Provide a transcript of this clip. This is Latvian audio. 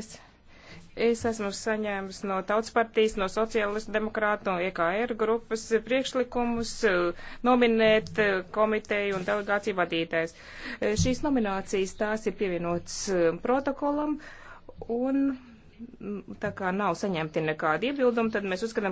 Es, es esmu saņēmis no Tautas partijas, no Sociālistu demokrātu, no EKR grupas priekšlikumus eh, nominēt eh, komiteju un delegāciju vadītājs. Eh, šīs nominācijas tās ir pievienotas protokolam un mm, tā kā nav saņemti nekādi iebildumi, tad mēs uzskatām,